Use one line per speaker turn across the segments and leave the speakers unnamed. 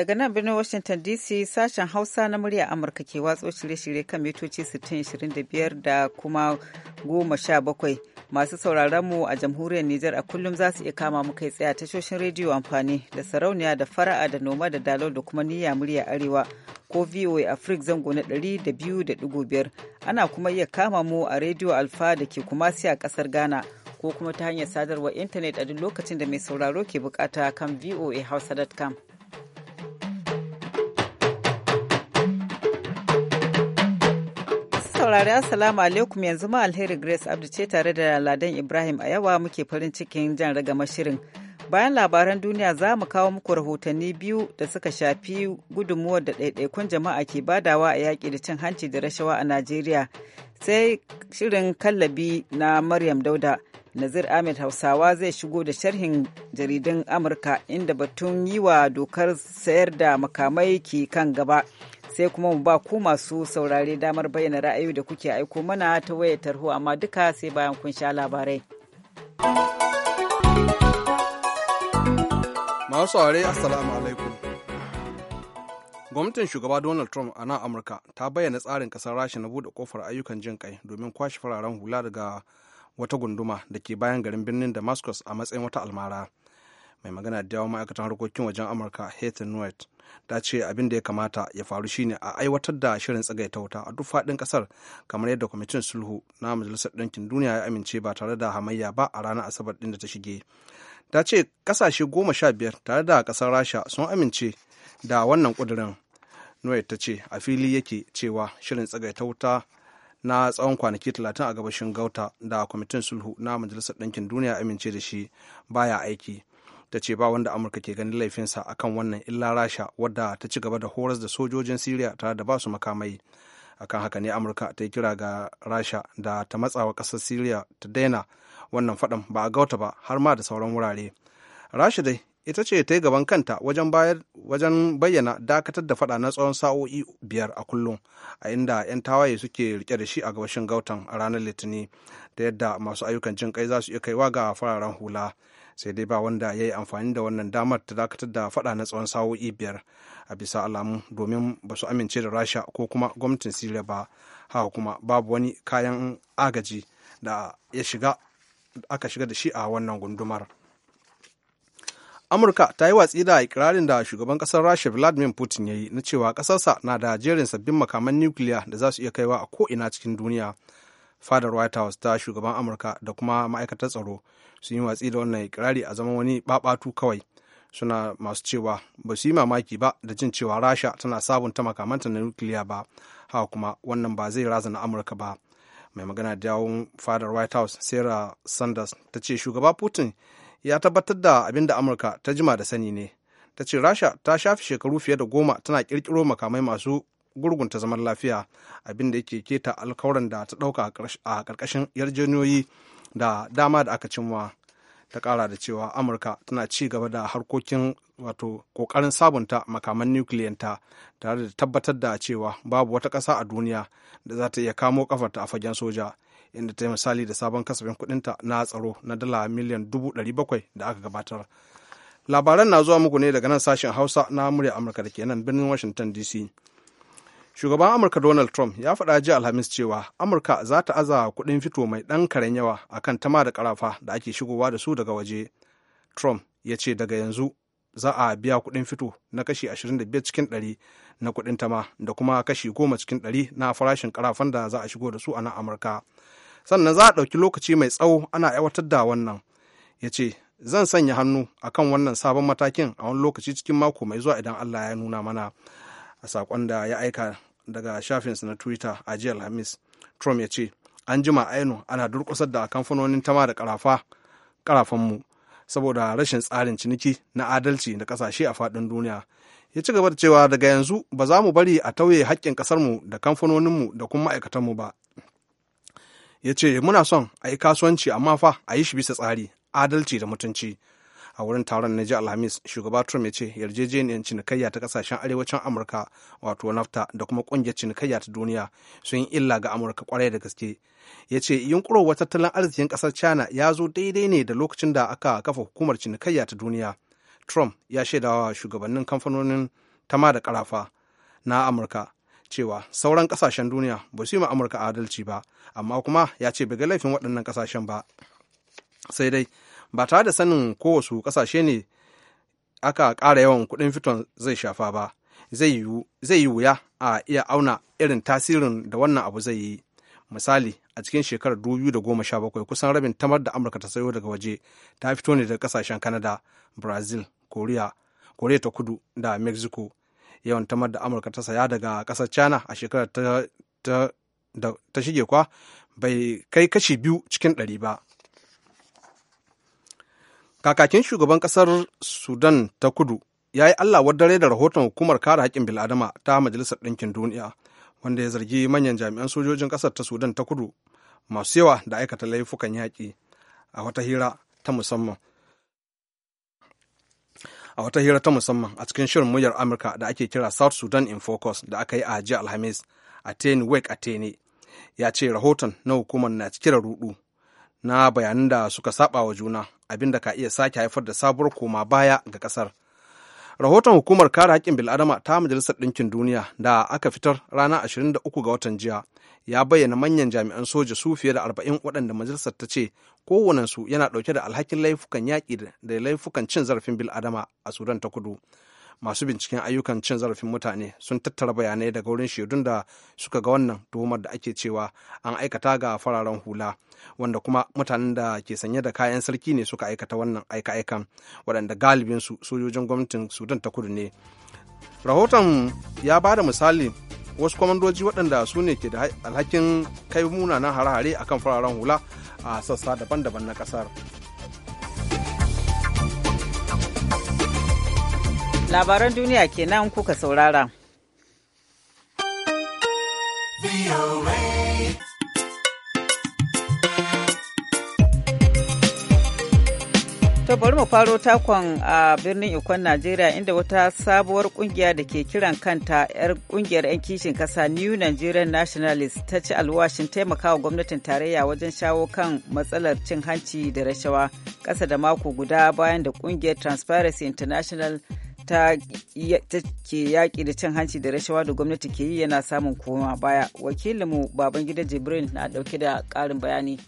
Daga nan birnin Washington DC sashen Hausa na murya Amurka ke watso shirye-shirye kan mitoci 625 da kuma 17 masu sauraron mu a jamhuriyar Nijar a kullum za su iya kama mu kai tsaya tashoshin rediyo amfani da sarauniya da fara'a da noma da dalo da kuma niyya murya arewa ko VOA afrik zango na 200.5 ana kuma iya kama mu a rediyo Alfa da ke kumasi a kasar Ghana ko kuma ta hanyar sadarwar intanet a duk lokacin da mai sauraro ke bukata kan voa hausa.com saurari assalamu alaikum yanzu ma alheri Grace Abdu ce tare da Ladan Ibrahim a yawa muke farin cikin jan ragama shirin. Bayan labaran duniya za mu kawo muku rahotanni biyu da suka shafi gudunmuwar da ɗaiɗaikun jama'a ke badawa a yaƙi da cin hanci da rashawa a Najeriya. Sai shirin kallabi na Maryam Dauda. Nazir Ahmed Hausawa zai shigo da sharhin jaridun Amurka inda batun yi wa dokar sayar da makamai ke kan gaba. sai kuma mu ba ku masu saurare damar bayyana ra'ayoyi da kuke aiko mana ta wayar tarho amma duka sai bayan kun sha labarai.
Masu saurare Assalamu alaikum. Gwamnatin shugaba Donald Trump a nan Amurka ta bayyana tsarin kasar Rasha na buɗe kofar ayyukan jin kai domin kwashe fararen hula daga wata gunduma da ke bayan garin birnin Damascus a matsayin wata almara. mai magana da yawon ma'aikatan harkokin wajen amurka heather nuet ta ce abin da ya kamata ya faru shine a aiwatar da shirin tsagaita wuta a duk faɗin ƙasar kamar yadda kwamitin sulhu na majalisar ɗinkin duniya ya amince ba tare da hamayya ba a ranar asabar ɗin da ta shige ta ce ƙasashe goma sha biyar tare da kasar rasha sun amince da wannan ƙudurin noyet ta ce a fili yake cewa shirin tsagaita wuta na tsawon kwanaki talatin a gabashin gauta da kwamitin sulhu na majalisar ɗinkin duniya ya amince da shi baya aiki ta ce ba wanda amurka ke ganin laifinsa akan wannan illa rasha wadda ta ci gaba da horas da sojojin syria tare da basu makamai akan haka ne amurka ta yi kira ga rasha da ta matsawa ƙasar syria ta daina wannan faɗan ba a gauta ba har ma da sauran wurare rasha dai ita ce ta yi gaban kanta wajen wajen bayyana dakatar da faɗa na tsawon sa'o'i biyar a kullum a inda 'yan tawaye suke rike da shi a gabashin gautan a ranar litinin da yadda masu ayyukan jin kai za su iya kaiwa ga fararen hula sai dai ba wanda ya yi amfani da wannan damar ta dakatar da fada na tsawon sa'o'i biyar a bisa alamu domin ba su amince da rasha ko kuma gwamnatin siriya ba haka kuma babu wani kayan agaji da ya shiga aka shiga da shi a wannan gundumar amurka ta yi watsi da ikirarin da shugaban kasar rasha vladimir putin ya yi na cewa ƙasarsa na da jerin sabbin makaman nukiliya da za su iya kaiwa a ko'ina cikin duniya fadar white house ta shugaban amurka da kuma ma'aikatar tsaro sun yi watsi da wannan ikirari a zaman wani babatu kawai suna masu cewa ba su yi mamaki ba da jin cewa rasha tana sabunta makamanta na nukiliya ba haka kuma wannan ba zai razana amurka ba mai magana da yawon fadar white house sarah sanders ta ce shugaba putin ya tabbatar da abin da amurka ta jima da sani ne ta ce rasha ta shafi shekaru fiye da goma tana kirkiro makamai masu gurgunta zaman lafiya abinda yake keta alkawarin da ta ɗauka a karkashin yarjejeniyoyi da dama da aka cimma ta kara da cewa amurka tana ci gaba da harkokin wato ƙoƙarin sabunta makaman nukiliyanta tare da tabbatar da cewa babu wata ƙasa a duniya da za ta iya kamo kafarta a fagen soja inda ta yi misali da sabon kasafin kudinta na tsaro na dala miliyan dubu dari bakwai da aka gabatar labaran na zuwa muku ne daga nan sashen hausa na murya amurka da ke nan birnin washington dc shugaban amurka donald trump ya faɗa ji alhamis cewa amurka za ta aza kuɗin fito mai ɗan karen yawa a kan tama da ƙarafa da ake shigowa da su daga waje trump ya ce daga yanzu za a biya kuɗin fito na kashi 25 cikin 100 na kuɗin tama da kuma kashi 10 cikin 100 na farashin ƙarafan da za a shigo da su a nan amurka sannan za a ɗauki lokaci mai tsawo ana aiwatar da wannan ya ce zan sanya hannu a kan wannan sabon matakin a wani lokaci cikin mako mai zuwa idan allah ya nuna mana a saƙon da ya aika daga shafinsa na twitter a jiya alhamis trump ya ce an jima aino ana durkusar da kamfanonin tama da karafanmu saboda rashin tsarin ciniki na adalci da kasashe a faɗin duniya ya ci gaba da cewa daga yanzu ba za mu bari a tauye haƙƙin ƙasarmu da kamfanoninmu da kuma ma'aikatanmu ba ya ce muna son a yi kasuwanci amma fa a yi shi bisa tsari adalci da mutunci a wurin taron na alhamis shugaba trump ya ce yarjejeniyar cinikayya ta kasashen arewacin amurka wato nafta da kuma kungiyar cinikayya ta duniya sun yi illa ga amurka kwarai da gaske ya ce yunkurowar tattalin arzikin kasar china ya zo daidai ne da lokacin da aka kafa hukumar cinikayya ta duniya trump ya shaidawa shugabannin kamfanonin tama da karafa na amurka cewa sauran kasashen duniya ba su yi ma amurka adalci ba amma kuma ya ce bai ga laifin waɗannan kasashen ba sai dai ba tare da sanin kowasu kasashe ne aka ƙara yawan kuɗin fiton zai shafa ba zai yi wuya a iya auna irin tasirin da wannan abu zai yi misali a cikin shekarar 2017 kusan rabin tamar da amurka ta sayo daga waje ta fito ne daga kasashen canada brazil korea korea ta kudu da mexico yawan tamar da amurka ta saya daga kasar china a shekarar ta, shige kwa bai kai kashi biyu cikin ɗari ba kakakin shugaban kasar sudan ta kudu ya yi allah wadare da rahoton hukumar kare haƙƙin bil'adama ta majalisar ɗinkin duniya wanda ya zargi manyan jami'an sojojin kasar ta sudan ta kudu masu yawa da aikata laifukan yaƙi a wata hira ta musamman a wata hira ta musamman a cikin shirin muryar amurka da ake kira south sudan in focus da aka yi a hajji alhamis a teni a teni ya ce rahoton na hukumar na cike da rudu na bayanan da suka saba wa juna abinda ka iya sake haifar da sabuwar koma baya ga kasar rahoton hukumar kare haƙƙin bil'adama ta majalisar ɗinkin duniya da aka fitar ranar 23 ga watan jiya ya bayyana manyan jami'an soja su fiye da 40 waɗanda majalisar ta ce su yana ɗauke da alhakin laifukan yaƙi da laifukan cin zarafin bil'adama a sudan ta kudu masu binciken ayyukan cin zarafin mutane sun tattara bayanai daga wurin shaidun da suka ga wannan tuhumar da ake cewa an aikata ga fararen hula wanda kuma mutanen da ke sanye da kayan sarki ne suka aikata wannan aika-aikan waɗanda galibinsu sojojin gwamnatin sudan ta kudu ne rahoton ya ba da misali wasu kwamandoji waɗanda su ne ke da alhakin kai munanan hare-hare akan fararen hula a sassa daban-daban na ƙasar. Labaran
duniya kenan kuka saurara. To bari mu faro takon a birnin Ikon Najeriya inda wata sabuwar kungiya da ke kiran kanta 'yar kungiyar 'yan kishin kasa New Nigerian Nationalist ta ci alwashin taimakawa gwamnatin tarayya wajen shawo kan matsalar cin hanci da rashawa ƙasa da mako guda bayan da kungiyar Transparency International ta ke yaƙi da cin hanci da rashawa da gwamnati ke yi yana samun koma baya wakilinmu baban gidan jibril na ɗauke da ƙarin bayani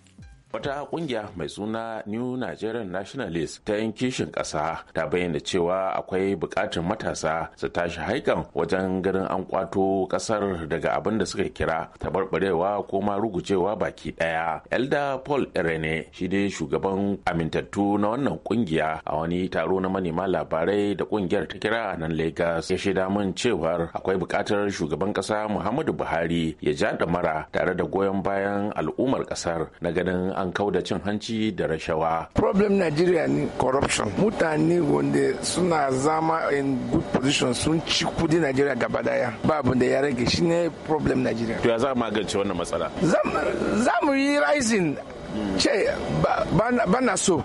wata kungiya mai suna new nigerian nationalist ta yin kishin ƙasa ta bayyana cewa akwai buƙatar matasa su tashi haikan wajen ganin an kwato ƙasar daga abin da suka kira taɓarɓarewa ko ma rugujewa baki ɗaya elda paul irene shi dai shugaban amintattu na wannan kungiya a wani taro na manema labarai da kungiyar ta kira a nan lagos ya shaida min cewar akwai buƙatar shugaban ƙasa muhammadu buhari ya ja mara tare da goyon bayan al'ummar ƙasar na ganin an da cin hanci da rashawa.
Problem Nigeria ne corruption. Mutane wanda suna zama in good position sun ci kudi Nigeria gaba daya. Ba abin da ya rage shi ne problem Nigeria.
To ya za a magance wannan matsala?
Za mu yi rising ce ba na so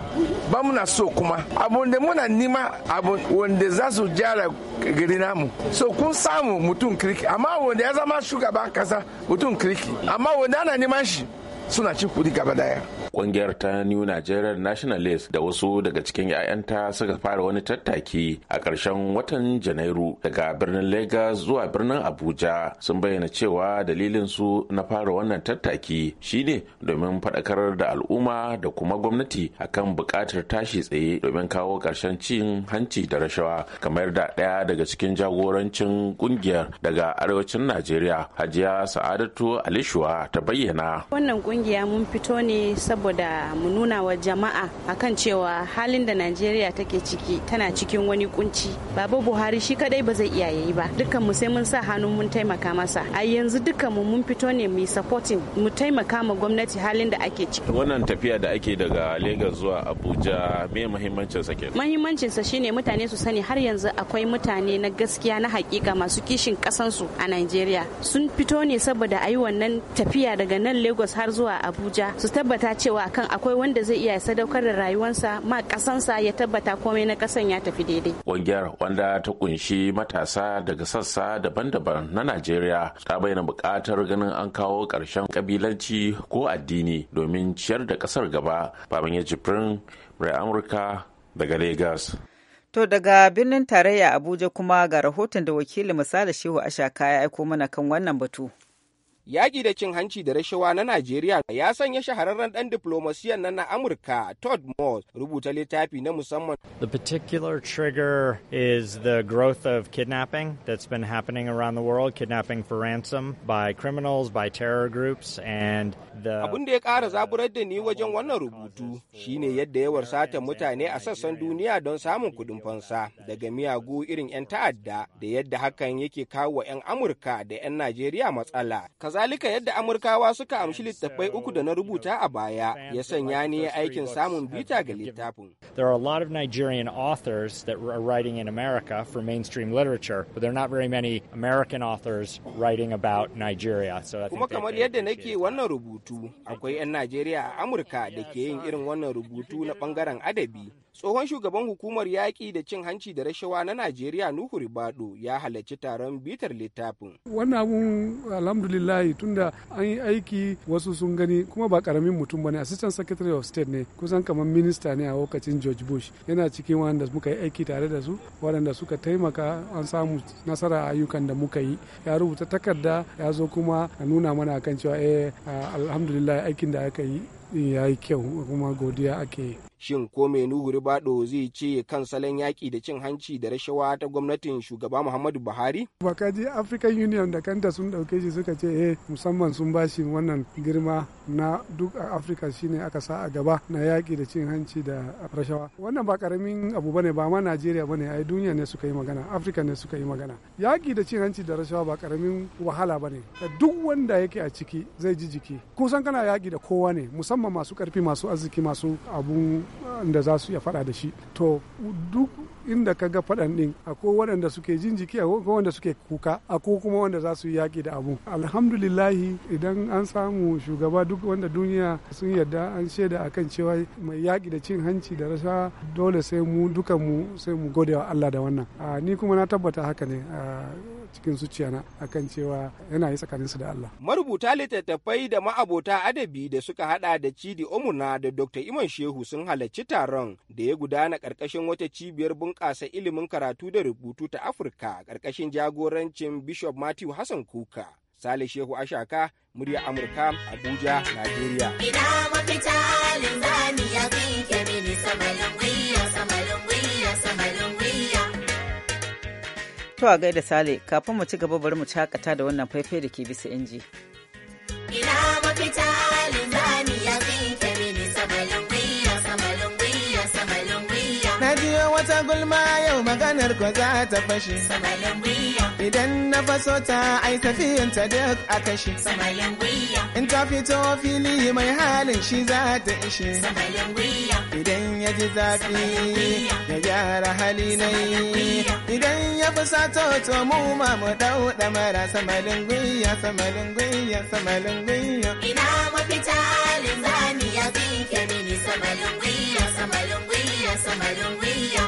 ba muna so kuma abun da muna nima abun wanda za su jara gari namu so kun samu mutum kirki amma wanda ya zama shugaba kasa mutum kirki amma wanda ana neman shi suna cin kudi gaba daya
kungiyar ta new nigerian nationalist da wasu daga cikin 'ya'yanta suka fara wani tattaki a ƙarshen watan janairu daga birnin lagos zuwa birnin abuja sun bayyana cewa dalilin su na fara wannan tattaki shine domin faɗakar da al'umma da kuma gwamnati akan buƙatar tashi tsaye domin kawo ƙarshen cin hanci da rashawa kamar da ɗaya daga cikin jagorancin kungiyar daga arewacin najeriya hajiya sa'adatu alishuwa ta bayyana
kungiya mun fito ne saboda mu nuna wa jama'a akan cewa halin da najeriya take ciki tana cikin wani kunci baba buhari shi kadai ba zai iyaye ba dukkan mu sai mun sa hannu mun taimaka masa a yanzu dukkan mu mun fito ne mu supporting mu taimaka ma gwamnati halin da ake ciki
wannan tafiya da ake daga lagos zuwa abuja me muhimmancin sa kenan
muhimmancin sa shine mutane su sani har yanzu akwai mutane na gaskiya na hakika masu kishin kasansu a najeriya sun fito ne saboda ayi wannan tafiya daga nan lagos har zuwa a abuja su tabbata cewa kan akwai wanda zai iya sadaukar da rayuwarsa ma kasansa ya tabbata komai na kasan ya tafi daidai
ƙungiyar wanda ta kunshi matasa daga sassa daban-daban na najeriya ta bayyana buƙatar ganin an kawo ƙarshen ƙabilanci ko addini domin ciyar da ƙasar gaba baban ya jifirin rai amurka daga lagos
To daga birnin tarayya Abuja kuma ga rahoton da wakilin misali Shehu Ashaka ya aiko mana kan wannan batu. Yaƙi da
cin hanci da rashawa na Najeriya ya sanya shahararren ɗan diflomasiyan nan na Amurka Todd Moss rubuta littafi na musamman.
The particular trigger is the growth of kidnapping that's been happening around the world, kidnapping for ransom by criminals, by terror groups and the Abin
da ya ƙara zaburar da ni wajen wannan rubutu shine yadda yawar satan mutane a sassan duniya don samun kuɗin fansa daga miyagu irin 'yan ta'adda da yadda hakan yake kawo 'yan Amurka da 'yan Najeriya matsala. Kazalika yadda Amurkawa suka amshi littattafai uku da na rubuta a baya ya sanya ne aikin samun bita ga littafin.
There are a lot of Nigerian authors that are writing in America for mainstream literature, but there are not very many American authors writing about Nigeria. So Kuma kamar
yadda nake wannan rubutu, akwai 'yan Najeriya a Amurka da ke yin irin wannan rubutu na bangaren adabi. Tsohon shugaban hukumar yaƙi da cin hanci da rashawa na Najeriya Nuhu Ribado ya halarci taron bitar littafin.
Wannan abun alhamdulillah tunda an yi aiki wasu sun gani kuma ba karamin mutum bane Assistant Secretary of State ne kusan kamar minista ne a lokacin George Bush yana cikin wanda muka yi aiki tare da su waɗanda suka taimaka an samu nasara ayyukan da muka yi ya rubuta takarda ya zo kuma a nuna mana kan cewa eh alhamdulillah aikin da aka yi ya yi kyau kuma godiya ake
shin ko mai nuhu zai ce kan salon yaƙi da cin hanci da rashawa ta gwamnatin shugaba muhammadu buhari
baka ji african union da kanta sun ɗauke shi suka ce eh musamman sun ba shi wannan girma na duk a afirka shine aka sa a gaba na yaƙi da cin hanci da rashawa wannan ba karamin abu bane ba ma najeriya bane ai duniya ne suka yi magana afirka ne suka yi magana yaƙi da cin hanci da rashawa ba karamin wahala bane duk wanda yake a ciki zai ji jiki kusan kana yaƙi da kowa ne musamman musamman masu karfi masu arziki masu abun eh, da za su iya faɗa da shi to duk inda ka ga faɗan ɗin akwai waɗanda suke jin jiki akwai wanda suke kuka akwai kuma wanda za su yi yaƙi da abu alhamdulillahi idan an samu shugaba duk wanda duniya sun yarda an shaida akan cewa mai yaƙi da cin hanci da rasha dole sai mu mu sai mu gode wa Allah da wannan ah, ni kuma na tabbata haka ne ah, cikin na akan cewa yana yi tsakaninsu da Allah.
Marubuta littattafai da ma'abota adabi da suka hada da Cidi Omuna da Dr. Iman Shehu sun halarci taron da ya gudana karkashin wata cibiyar bunƙasa ilimin karatu da rubutu ta Afirka karkashin jagorancin Bishop Matthew Hassan Kuka. Sale Shehu Ashaka, murya Amurka, Abuja, Najeriya.
Ina mafita linzani ya fi sama
To a gaida Sale, kafin mu ci gaba bari mu cakata da wannan faifai da ke bisa inji.
Ina mafita
wata gulma yau maganar ko za ta fashe. Idan na faso ta ai tafiyan ta duk a kashe. In ta fito fili mai halin shi za ta ishe. Idan ya ji zafi ya gyara hali na yi. Idan ya fi sato to mu ma mu dau mara samalin gwiya samalin gwiya samalin gwiya.
Ina mafita linzani ya fi kemini samalin gwiya samalin gwiya samalin gwiya.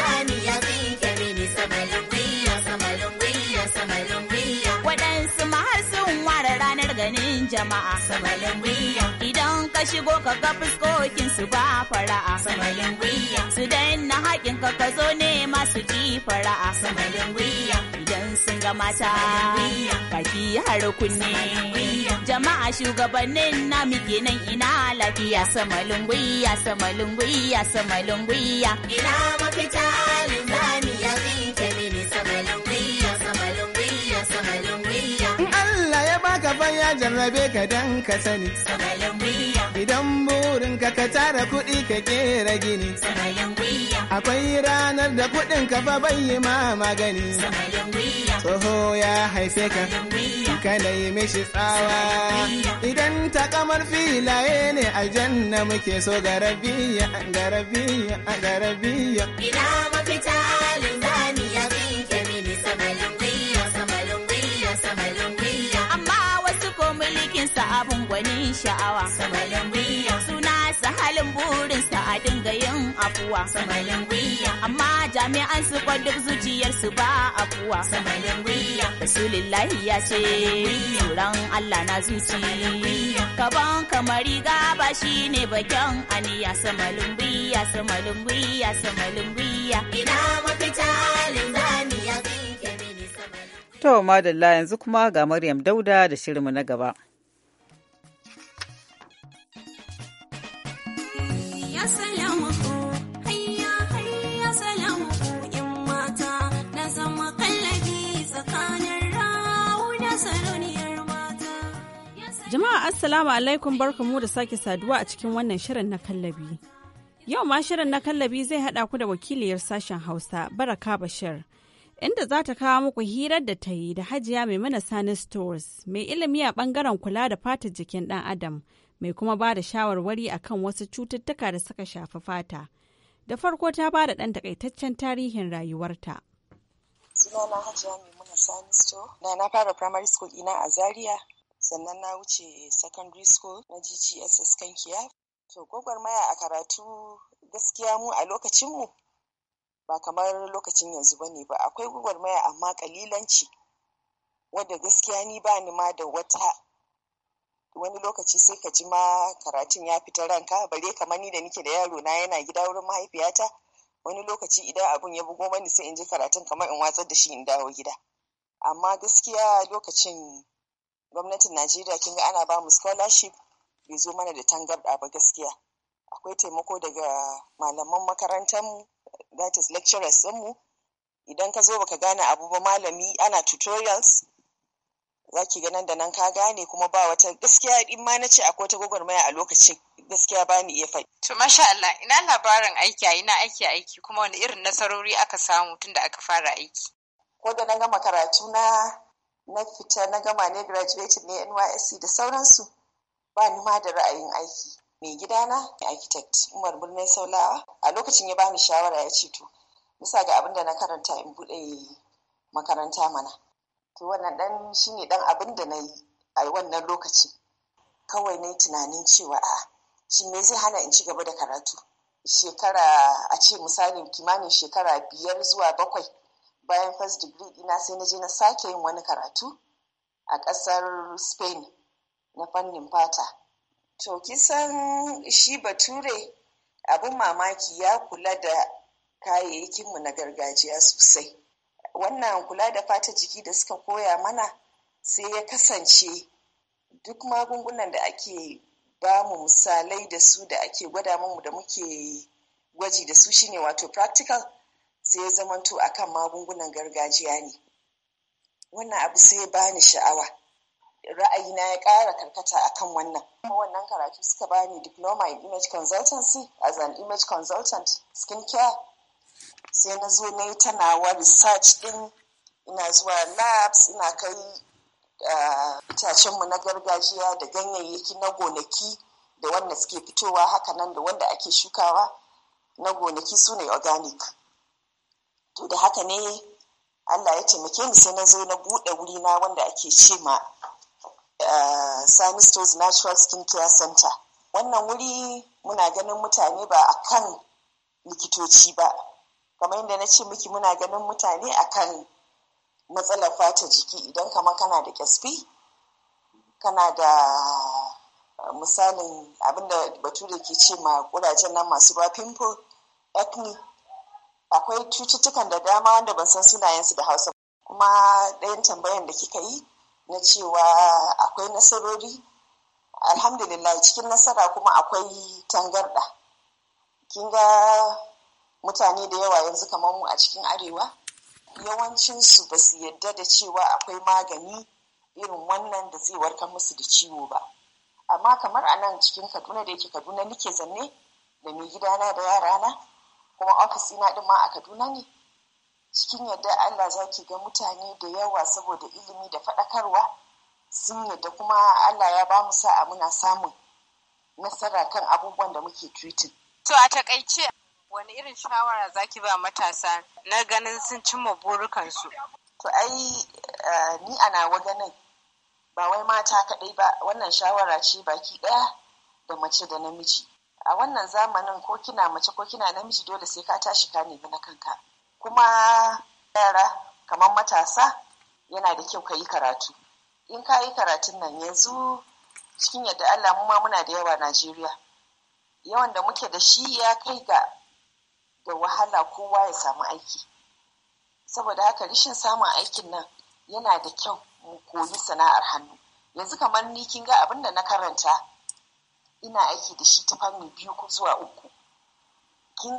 cikin jama'a samalin wiya idan ka shigo ka ga fuskokin su ba fara'a Samalin wiya su daina haƙin ka ka zo ne masu ji fara'a Samalin wiya idan sun ga mata baki har kunne jama'a shugabannin na muke nan ina lafiya samalin wiya samalin wiya samalin wiya ina mafita
na jarrabe ka dan ka sani. Idan burin ka ka tara kuɗi ka kera gini. Akwai ranar da kuɗin ka fa bai ma magani. Tsoho ya haife ka, ka yi mishi tsawa. Idan ta kamar filaye ne aljanna muke so garabiya, garabiya, garabiya. Ina
mafita sha'awa suna sa halin burin sa a dinga yin afuwa amma jami'an su duk zuciyar su ba afuwa rasulillahi ya ce tsoron allah na zuci kaban kamari gaba shi ne bakin aniya samalin biya samalin biya samalin biya ina mafita linzami ya
To, madalla yanzu kuma ga Maryam Dauda da shirinmu na gaba. Jama'a Assalamu alaikum barkamu da sake saduwa a cikin wannan shirin na kallabi. Yau ma shirin na kallabi zai haɗa ku da wakiliyar sashen Hausa Baraka Bashir. Inda za ta kawo muku hirar da ta yi da hajiya mai Sani Stores mai ilimi a bangaren kula da fatar jikin ɗan Adam mai kuma ba da shawarwari akan wasu cututtuka da suka shafi fata. Da farko ta ba da ɗan takaitaccen tarihin rayuwarta.
Sunana hajiya Maimuna Sani Store na na fara primary school ina a Zaria sannan na wuce secondary school na ggss kankiya to gwagwarmaya a karatu gaskiya mu a lokacinmu ba kamar lokacin yanzu ba ne ba akwai gwagwarmaya amma kalilanci wadda gaskiya ni ba ni ma da wata wani lokaci sai ka ji ma karatun ya fita ranka bare kamar ni da nike da yaro na yana gida wurin mahaifiyata wani lokaci idan abun ya bugo mani sai in ji karatun kamar in watsar da shi in dawo gida amma gaskiya lokacin gwamnatin najeriya kin ga ana ba mu scholarship bai zo mana da tangarda ba gaskiya akwai taimako daga malaman makarantar mu that is lecturers mu idan ka zo baka gane abu ba malami ana tutorials za ki nan da nan ka gane kuma ba wata gaskiya in ma na ce akwai ta gwagwarmaya a lokacin gaskiya ba ni iya faɗi. To masha
Allah ina labarin aiki a ina aiki aiki kuma wani irin nasarori aka samu tunda aka fara aiki.
Ko da na gama karatu na na fita na gama ne graduated ne NYSC da sauransu ba ni ma da ra'ayin aiki mai gidana architect Umar Birnin Saulawa a lokacin ya bani shawara ya ce to bisa ga abin da na karanta in bude makaranta mana to wannan dan shine dan abin da na yi a wannan lokaci kawai na tunanin cewa a shi me zai hana in ci gaba da karatu shekara a ce misalin kimanin shekara biyar zuwa bakwai bayan first degree Ina sai na je na sake yin wani karatu a ƙasar spain na fannin fata to kisan shi bature abin mamaki ya kula da kayayyakinmu na gargajiya sosai wannan kula da fata jiki da suka koya mana sai ya kasance duk magungunan da ake ba mu misalai da su da ake gwada mu da muke gwaji da su shine wato practical sai ya zamanto akan magungunan gargajiya ne wannan abu sai ya bani sha'awa ra'ayina ya ƙara karkata kan wannan kuma wannan karatu suka bani diploma in image consultancy as an image consultant skin skincare sai na zo na yi tanawa research din ina zuwa labs ina kai ah, itacenmu na gargajiya da ganyayyaki na gonaki da wanda suke fitowa nan da wanda ake shukawa na gonaki su ne organic to da haka ne Allah ya taimake ni sai na zo na buɗe wuri na wanda ake ce ma eh, Sami Stores Natural Skin Care Center. Wannan wuri muna ganin mutane ba a kan likitoci ba. Kamar yadda na ce miki muna ganin mutane a kan matsalar fata jiki idan kamar kana da ƙyasfi, kana da eh, misalin abinda bature ke ce ma ƙurajen nan masu ba pimple, acne. akwai cututtukan da dama wanda ban san sunayensu da hausa kuma ɗayan tambayan da kika yi na cewa akwai nasarori alhamdulillah cikin nasara kuma akwai tangarɗa kin ga mutane da yawa yanzu kamar mu a cikin arewa yawancinsu ba su yadda da cewa akwai magani irin wannan da zai warkar musu da ciwo ba amma kamar a nan cikin kaduna da yake kaduna nike zanne da mai gidana da yarana kuma ofis ina din ma a kaduna ne cikin yadda allah zaki ga mutane da yawa saboda ilimi da faɗakarwa sun yadda kuma allah ya ba mu sa'a muna samun nasara kan abubuwan da muke tweeting. to a takaice wani irin shawara zaki ba matasa na ganin sun cimma burukansu to ai eh, ni ana ganin ba wai mata kaɗai ba wannan shawara ce baki ɗaya da mace da namiji a wannan zamanin ko kina mace ko kina namiji dole sai ka tashi ka nemi na kanka kuma yara kamar matasa yana da kyau ka yi karatu in ka yi karatun nan yanzu cikin yadda Allah mu ma muna da yawa Najeriya yawan da muke da shi ya kai ga da wahala kowa ya samu aiki saboda haka rishin samun aikin nan yana da kyau mu koyi sana'ar hannu yanzu kamar ni kin ga abin da na karanta ina aiki da shi ta fanni biyu ko zuwa uku kin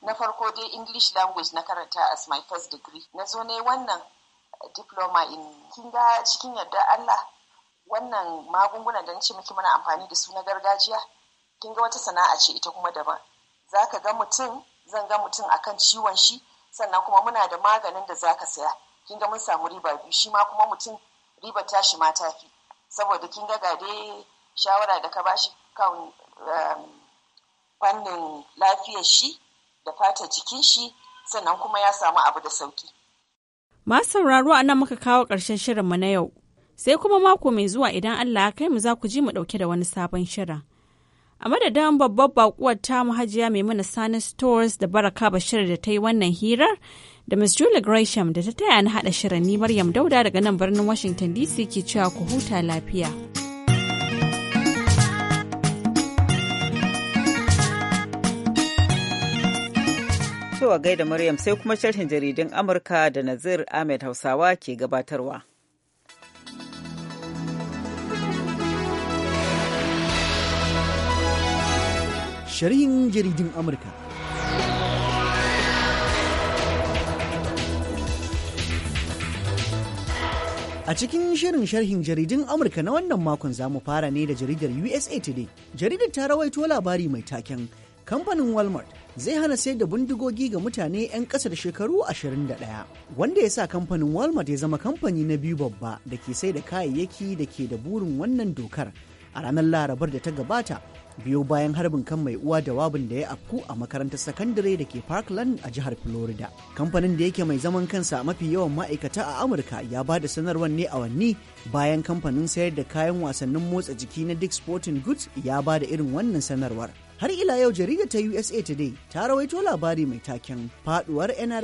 na farko dai english language na karanta as my first degree na zo ne wannan diploma in kin cikin yadda allah wannan magungunan da nace miki muna amfani da su na gargajiya kin wata sana'a ce ita kuma daban zaka ga mutum zan ga mutum akan ciwon shi sannan kuma muna da maganin da zaka saya kin ga mun samu riba biyu shi ma kuma mutum riba tashi ma tafi saboda kin ga ga dai shawara da ka bashi kan um, fannin lafiyar shi da fata jikin shi sannan kuma ya samu abu da sauki.
Masu sauraro a nan muka kawo ƙarshen shirinmu na yau. Sai kuma mako mai zuwa idan Allah
ya kai mu za ku ji mu ɗauke da wani sabon shirin. A madadin babbar bakuwar mu hajiya mana Sani Stores da Baraka Bashir da ta yi wannan hirar da Miss Julie Gresham da ta taya ni haɗa shirin ni Maryam Dauda daga nan birnin Washington DC ke cewa ku huta lafiya. to gaida Maryam sai kuma sharhin jaridun Amurka da Nazir Ahmed Hausawa ke gabatarwa.
Sharhin jaridun Amurka. A cikin shirin sharhin jaridun Amurka na wannan makon za mu fara ne da jaridar USA Today. Jaridar ta rawaito labari mai taken kamfanin walmart zai hana sayar da bindigogi ga mutane 'yan ƙasa da shekaru 21 wanda ya sa kamfanin walmart ya zama kamfani na biyu babba da ke sai da kayayyaki da ke da burin wannan dokar a ranar larabar da ta gabata biyo bayan harbin kan mai uwa da wabin da ya afku a makarantar sakandare da ke parkland a jihar florida kamfanin da yake mai zaman kansa mafi yawan ma'aikata a amurka ya ba da sanarwar ne a wanni, bayan kamfanin sayar da kayan wasannin motsa jiki na dick sporting goods ya ba da irin wannan sanarwar har ila yau jaridar ta usa today ta rawaito labari mai taken faduwar nra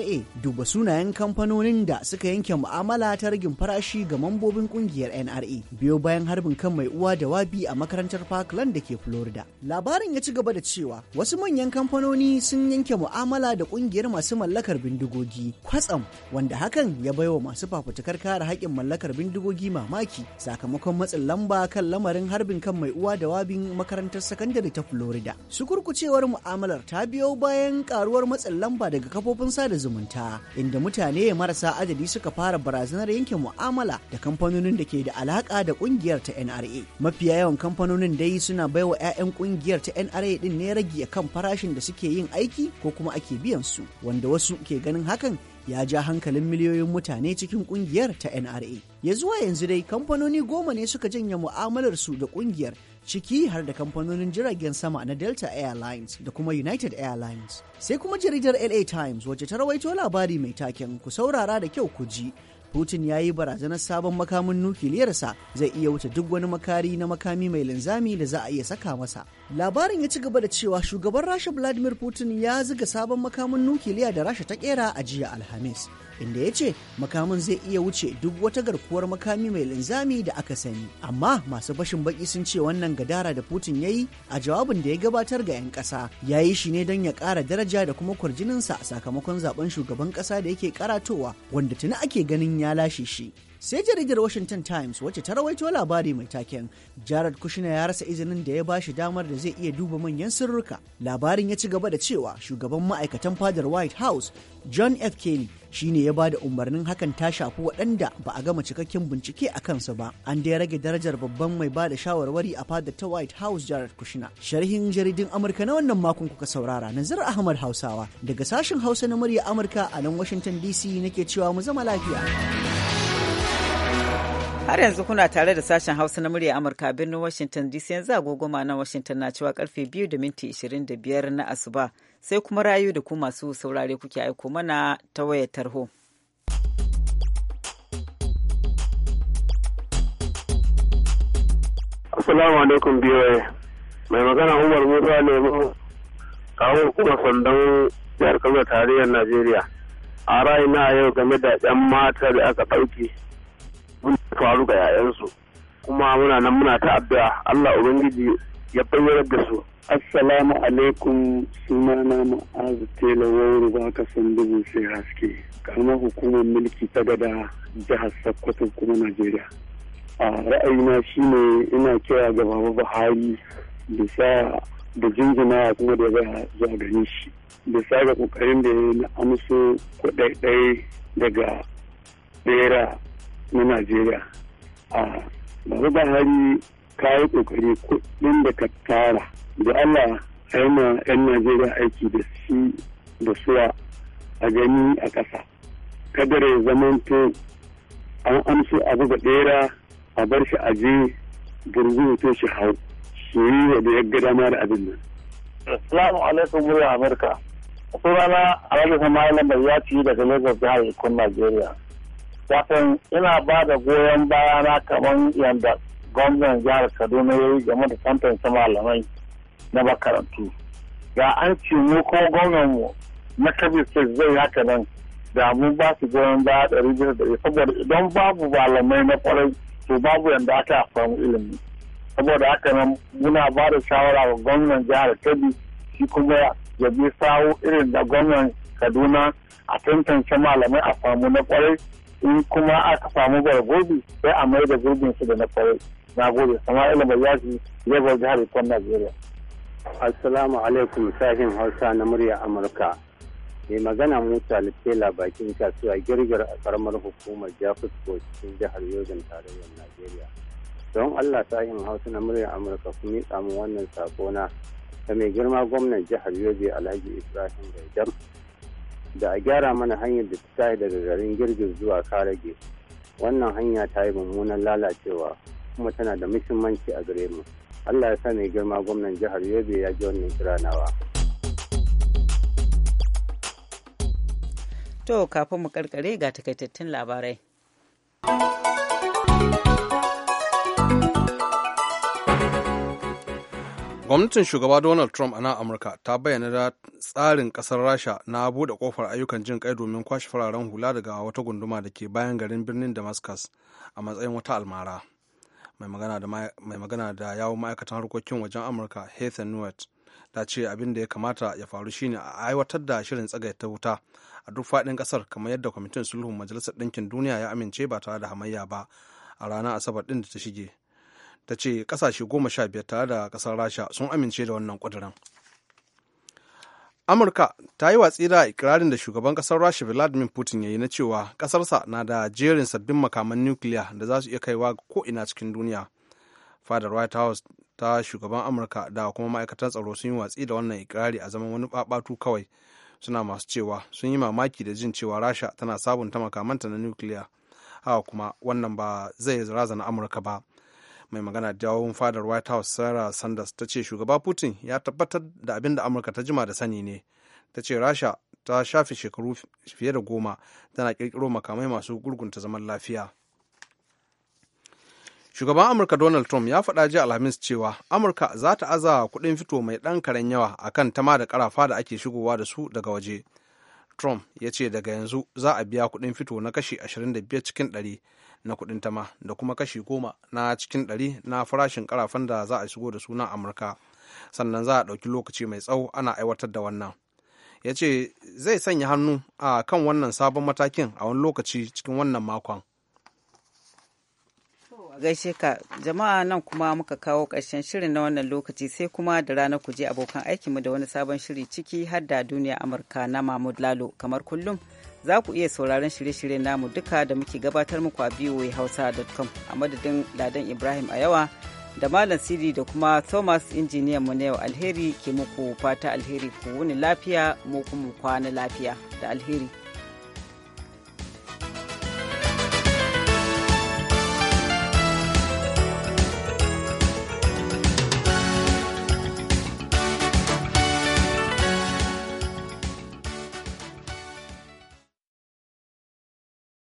duba sunayen kamfanonin da suka yanke mu'amala ta ragin farashi ga mambobin kungiyar nra biyo bayan harbin kan mai uwa da wabi a makarantar parkland da ke florida labarin ya ci gaba da cewa wasu manyan kamfanoni sun yanke mu'amala da kungiyar masu mallakar bindigogi kwatsam wanda hakan ya baiwa masu fafutukar kare haƙƙin mallakar bindigogi mamaki sakamakon matsin lamba kan lamarin harbin kan mai uwa da wabin makarantar sakandare ta florida Sukurkucewar mu'amalar ta biyo bayan karuwar matsin lamba daga kafofin sada zumunta inda mutane marasa adadi suka fara barazanar yanke mu'amala da kamfanonin da ke da alaka da kungiyar ta NRA. Mafiya yawan kamfanonin dai suna baiwa 'ya'yan kungiyar ta NRA din ne rage kan farashin da suke yin aiki ko kuma ake biyan su wanda wasu ke ganin hakan ya ja hankalin miliyoyin mutane cikin kungiyar ta NRA. Ya zuwa yanzu dai kamfanoni goma ne suka janye mu'amalar su da kungiyar ciki har da kamfanonin jiragen sama na Delta Airlines da kuma United Airlines. Sai kuma jaridar LA Times wacce ta rawaito labari mai taken ku saurara da kyau ku ji. Putin ya yi barazanar sabon makamin nukiliyarsa zai iya wuce duk wani makari na makami mai linzami da za a iya saka masa. Labarin ya ci gaba da cewa shugaban Rasha Vladimir Putin ya zuga sabon makamin nukiliya da Rasha ta kera a jiya Alhamis. inda ya ce makamin zai iya wuce duk wata garkuwar makami mai linzami da aka sani amma masu bashin baki sun ce wannan gadara da putin ya yi a jawabin da ya gabatar ga 'yan ƙasa ya yi shi ne don ya ƙara daraja da kuma kwarjininsa sakamakon zaben shugaban ƙasa da yake karatowa wanda tuni ake ganin ya lashe shi sai jaridar washington times wacce ta rawaito labari mai taken jared kushner ya rasa izinin da ya ba shi damar da zai iya duba manyan sirruka labarin ya ci gaba da cewa shugaban ma'aikatan fadar white house john f kelly shine ya ba da umarnin hakan ta shafi waɗanda ba a gama cikakken bincike a kansu ba an dai rage darajar babban mai ba da shawarwari a fadar ta white house jared kushner sharhin jaridin amurka na wannan makon kuka saurara nazar ahmad hausawa daga sashen hausa na murya amurka a nan washington dc nake cewa mu zama lafiya Har yanzu kuna tare da sashen Hausa na murya
Amurka birnin Washington DC yanzu agogoma na Washington na cewa karfe 2 da minti 25 na asuba sai kuma rayu da ku masu saurare kuke aiko mana ta wayar tarho.
Assalamu alaikum biyoye. Mai magana Umar Musa Lemo
kawo kuma sandan jihar Kano tarayyar Najeriya. A ra'ayina yau game da 'yan mata da aka ɗauki faru ga 'ya'yansu kuma muna nan muna
ta addu'a Allah ubangiji ya bayyana da su assalamu alaikum sunana ma'azu tela wauri ba ka san dubu sai haske karamar hukumar mulki ta gada jihar sokoto kuma najeriya a ra'ayina shine ina kira ga baba buhari sa da jinjina kuma da za zuwa gani shi bisa ga kokarin da ya na amsu kuɗaɗɗai daga bera na najeriya a ba buhari ka yi kokari kuɗin da ka tara da allah a yi ma 'yan najeriya aiki da shi da suwa a gani a ƙasa kadar ya zamanto an amsu abu ga ɗera a bar shi aje gurgu to shi hau Su yi da ya gada ma da abin nan. Assalamu alaikum
murya Amurka. Sunana Alhaji Samaila ya ci daga Lagos jihar Ikon Najeriya. Watan ina ba da goyon bayana kamar yadda gwamnan jihar Kaduna ya yi game da tantance malamai na makarantu. Da an ce mu ko gwamnanmu na Kebbi State zai haka nan da mun ba su goyon baya ɗari biyar da saboda idan babu malamai na kwarai to babu yadda aka samu ilimi. Saboda haka nan muna ba da shawara ga gwamnan jihar Kebbi shi kuma ya bi sawo irin da gwamnan Kaduna a tantance malamai a samu na kwarai
in kuma aka samu gurbi sai a mai da gurbin su da na kwaye na gode sama'ila mai yaji bai jihar ikon najeriya assalamu alaikum sahin
hausa na murya amurka mai magana musa littela bakin kasuwa girgir a karamar hukumar jafus ko cikin jihar yogin tarayyar najeriya don allah sahin hausa na murya amurka ku miƙa min wannan sakona ta mai girma gwamnan jihar yobe alhaji ibrahim gaidam da a gyara mana hanyar da ta tashi daga garin girgin zuwa karage wannan hanya ta yi mummunan lalacewa kuma tana da muhimmanci a gare mu allah ya sa mai girma gwamnan jihar yobe ya ji wannan kiranawa
to kafin mu karkare ga takaitattun labarai
gwamnatin shugaba donald trump a nan amurka ta bayyana da tsarin kasar rasha na buɗe kofar ayyukan jin kai domin kwashe fararen hula daga wata gunduma da ke bayan garin birnin damascus a matsayin wata almara mai magana da yawon ma'aikatan harkokin wajen amurka heather newt ta ce abin da ya kamata ya faru shine a aiwatar da shirin tsagaita wuta a duk faɗin ƙasar kamar yadda kwamitin sulhun majalisar ɗinkin duniya ya amince ba tare da hamayya ba a ranar asabar ɗin da ta shige ta ce kasashe goma sha biyar tare da kasar rasha sun amince da wannan kudurin amurka ta yi watsi da ikirarin da shugaban kasar rasha vladimir putin ya yi na cewa kasarsa na da jerin sabbin makaman nukiliya da za su iya kaiwa ina cikin duniya fadar white house ta shugaban amurka da kuma ma'aikatar tsaro sun yi watsi da wannan ikirari a zaman wani babatu kawai suna masu cewa sun yi mamaki da jin cewa rasha tana sabunta makamanta na nukiliya haka kuma wannan ba zai razana amurka ba mai magana jawo fadar white house sarah sanders ta ce shugaba putin ya tabbatar da abin da amurka ta jima da sani ne ta ce rasha ta shafe shekaru fiye da goma tana kirkiro makamai masu gurgunta zaman lafiya shugaban amurka donald trump ya faɗa ji alhamis cewa amurka za ta aza kuɗin fito mai ɗan karen yawa a kan tama da ƙarafa da ake shigowa da su daga waje trump ya ce daga yanzu za a biya kuɗin fito na kashi 25 cikin 100 na kuɗin tama da kuma kashi goma na cikin ɗari na farashin karafan da za a shigo da suna amurka sannan za a ɗauki lokaci mai tsawo ana aiwatar da wannan ya ce zai sanya hannu a kan wannan sabon matakin a wani lokaci cikin wannan makon
gaishe ka jama'a nan kuma muka kawo ƙarshen shirin na wannan lokaci sai kuma da ranar ku je abokan aikinmu da wani sabon shiri ciki har da duniya amurka na mahmud lalo kamar kullum za ku iya sauraron shirye-shiryen namu duka da muke gabatar muku a voa hausa.com a madadin ladan ibrahim a yawa da malam sidi da kuma thomas injiniyan mu na yau alheri ke muku fata alheri ku wuni lafiya mu kuma kwana lafiya da alheri